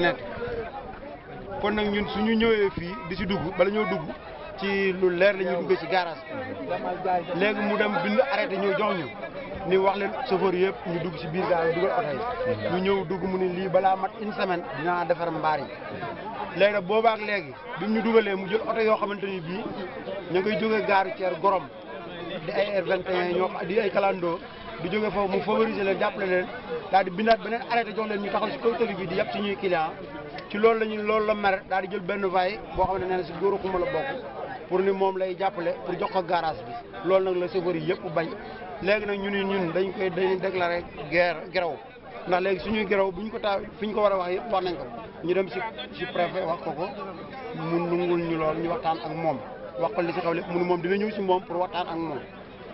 net kon nag ñun ñu ñëwee fii di si dugg bala ñoo dugg ci lu leer la ñuy duggee si garage léegi mu dem bind arrêté ñëw jox ñu ni wax leen chauffeur yëpp ñu dugg si biir garage dugal oto yi ñu ñëw dugg mu ni lii balaa mat une semaine dinaa defar mbaar yi léegi nag boobaak léegi bi ñu dugalee mu jël oto yoo xamante ni bii ñu ngi koy jógee gaaru Thiès Gorom di ay R21 ñoo di ay kalaandoo du jóge foofu mu favoriser leen jàppale leen daal di bindaat jox leen ñu taxaw si kaw tali bi di yàpp suñuy client ci loolu la ñu loolu la mer daal di jël benn vaay boo xam ne nee na si góor xuma la bokk pour ni moom lay jàppale pour jox ko garage loolu nag la chauffeur yi yëpp bañ léegi nag ñu ñun dañ koy dañuy déclaré guerre grève ndax léegi suñuy grève bu ñu ko taa fi ko war a wax yëpp wax nañ ko ñu dem si si préfet wax ko ko mu nungul ñu lool ñu waxtaan ak moom wax ko li si xew moom dina ñëw si moom pour waxtaan ak moom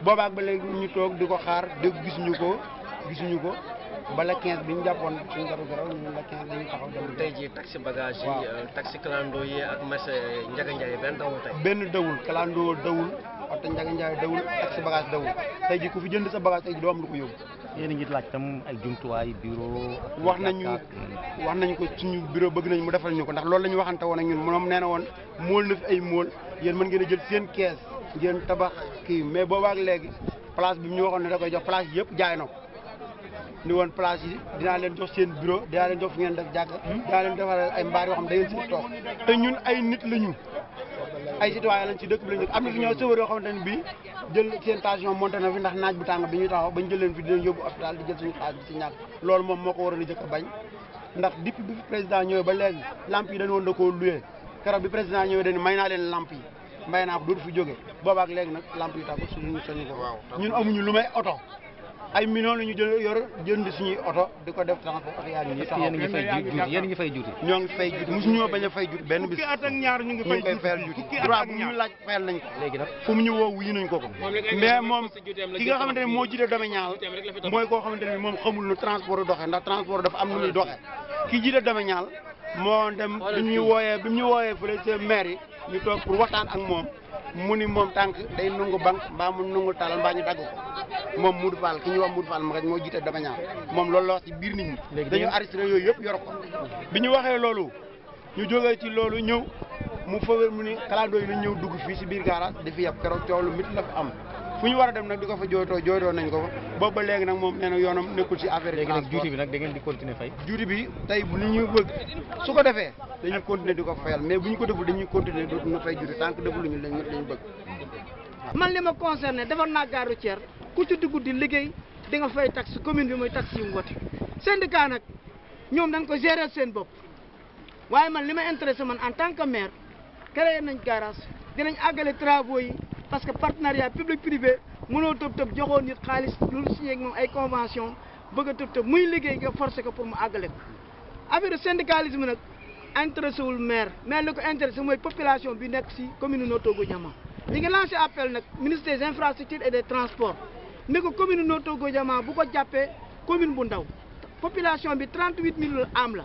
boobaak ba léegi ñu toog di ko xaar dégg gisuñu ko gisuñu ko ba la 15 bi ñu jàppoon suñu garu garaw ñun la 15 dañu tey jii taxi bagage yi. Euh, taxi clando yi ak marché Ndiaga Ndiaye benn dawul tey. benn dawul clando dawul oto Ndiaga Ndiaye dawul taxi bagage dawul tey jii ku fi jënd sa bagage tey jii doo am lu ko yóbbu. yéen a ngi laaj tam ay jumtuwaay bureau. wax nañu mm. wax nañu ko suñu bureau bëgg nañ mu defal ñu ko ndax lool la ñu waxante woon ak ñun moom nee na woon mool na fi ay mool yéen mën geen a jël seen kees. ngeen tabax kii mais boobaak léegi place bi mu ñu waxoon ne da koy jox place yëpp jaay na ko ni woon place yi dinaa leen jox seen bureau dinaa leen fu ngeen def jàkk hmm? dinaa leen defaral ay mbaar yoo xam ne da ngeen si toog te ñun ay nit la ñu ay citoyen lañ ci dëkk bi lañ dëkk am na fi ñoo sëwër yoo xamante ne jël seen tension monté ndax naaj bu tàng bi ñuy taxaw bañ jël leen fi dinañ yóbbu di jël suñu loolu moom moo ko waroon a jëkk a bañ ndax depuis bi président ñëwee ba léegi lamp yi dañ woon da koo luyee keroog bi président ñëwee dañ may naa leen lamp yi mbay naa ko dootu fi jógee boobaak léegi nag lamp yi tàkku suñu sañu ko ñun amuñu lu may oto ay millions la ñu jël yor jënd suñuy oto di ko def transport oto yaa ñu ñi taxaw yéen ngi fay juuti yéen ngi fay juuti ñoo ngi fay juuti mosu ñoo bañ ak ñaar ñu ñu laaj fayal nañ ko léegi nag ñu woo ko ko mais moom ki nga xamante ne moo jiite domanial mooy koo xamante ne moom xamul nu transport doxee ndax transport dafa am nu muy doxee ki jiite domanial moo dem bi ñu wooyee bi ñu wooyee fële ci maire yi ñu toog pour waxtaan ak moom mu ni moom tànk day nungu bank mbaa mu nungu talal mbaa ñu dagg ko moom mu Moudou Fall ki ñuy wax Moudou Fall ma moo jiite dama ñaar moom loolu la wax ci biir nit ñi dañu arrêté yooyu yëpp yor ko bi ñu waxee loolu ñu jógee ci loolu ñëw mu fawér mu ni xalaandoo yi nañ ñëw dugg fii si biir garage di fi yàpp keroog coow lu mit la fi am fu ñu war a dem nag di ko fa jooytoo jooytoo nañ ko fa boobu ba léegi nag moom nee na yoonam nekkul ci affaire yi. léegi nag juuti bi nag da ngeen di continuer fay. juuti bi tey bu ñu bëgg su ko defee dañuy continuer di ko fayal mais bu ñu ko deful dañuy continuer dootuñu fay juuti tant que defuluñu lañ lañ bëgg. man li ma concerné defar naa gare routière ku ci dugg liggéey di nga fay taxe commune bi mooy taxe yu mu wote syndicat nag ñoom dañ ko gérer seen bopp waaye man li ma intéressé man en tant que maire créé nañ garage dinañ àggale travaux yi parce que partenariat public privé mënoo tëb tëb joxoon nit xaalis loolu signé ak moom ay convention bëgg a tëb tëb muy liggéey nga forcé ko pour mu àggale ko affaire syndicalisme nag intéressé wul maire maire li ko intéressé mooy population bi nekk si commune Notto Goudiama ñi ngi lancé appel nag ministre des infrastructures et des transports ne ko commune Notto Goudiama bu ko jàppee commune bu ndaw population bi 38 mille am la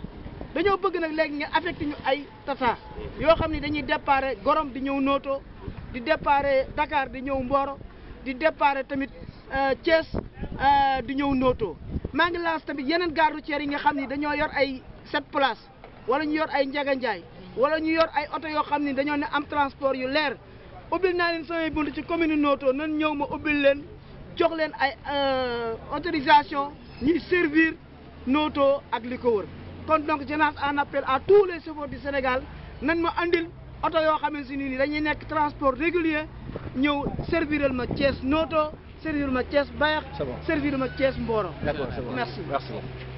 dañoo bëgg nag léegi nga affecté ñu ay yoo xam ne dañuy déparé gorom di ñëw Notto di dépare dakaar di ñëw Mboro di dépare tamit euh, Thiès euh, di ñëw nooto maa ngi laas tamit yeneen gare routière yi nga xam ni dañoo yor ay sept place wala ñu yor ay njaganjaay wala ñu yor ay oto yoo xam ni dañoo ne am transport yu leer ubbil naa leen samay bunt ci commune Noto nan ñëw ma ubbil leen jox leen ay euh, autorisation ñuy servir nooto ak li ko kon donc je lance un appel à tous les chauffeurs du Sénégal nan ma andil oto yoo xamante si nii dañuy nekk transport régulier ñëw serviral ma Thiès Noto serviral ma Thiès Bayax serviral ma Thiès Mboro merci merci